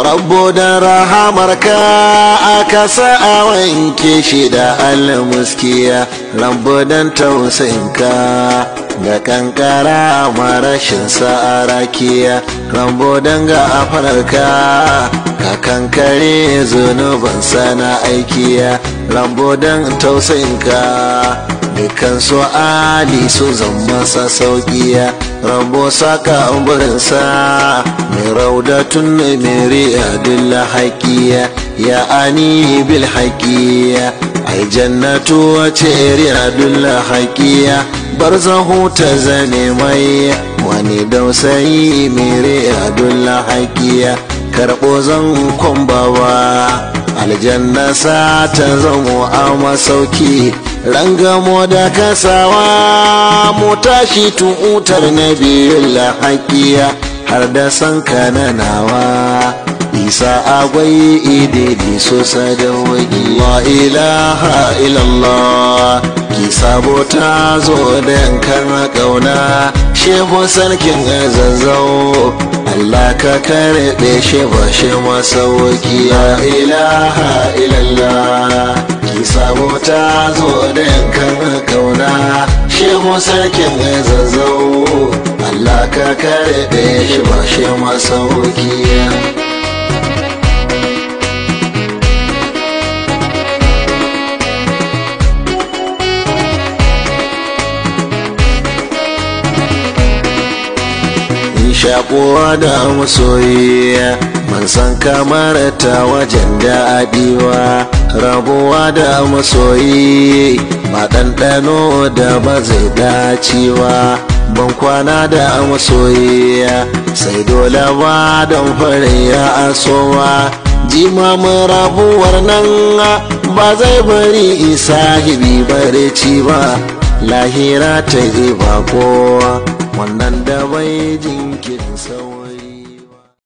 ya rabbo da rahamarka aka kasa a wanke shi da almuskiya rabbo don tausayinka ga kankara marashin sa'arakiya rambo don ga ka kankare zunuban sana aikiya rambo don tausayinka dukkan su ali su zama sa sauƙiya rambo saka umarinsa raudatun min riyadil haqiya ya ani bil haqiya ai jannatu wa ce riyadul haqiya barzahu ta zane mai wani dausayi min riyadul haqiya karbo zan kwambawa aljanna sa ta zamo a masauki rangamo da kasawa mu tashi tu'utar na biyu la har da san kananawa isa agwai idili so sadawagi wa ilaha ilalla. ki sabo ta zo da yankan kauna shehu sarkin zazzau Allah ka karɓe shi ba shi masauki la ilaha ilalla. ki sabo ta zo da yankan kauna sarkin zazzau Allah ka kare ɗaya shi ba shi masauki shakuwa da masoyiya man san kamar ta wajen daɗiwa rabuwa da masoyi ba ɗanɗano da ba zai dacewa ban kwana da masoyi sai dole ba don fara ya asowa jimamin rabuwar nan ba zai bari sahibi bare ci ba lahira ta yi ba kowa wannan da bai jinkin sauri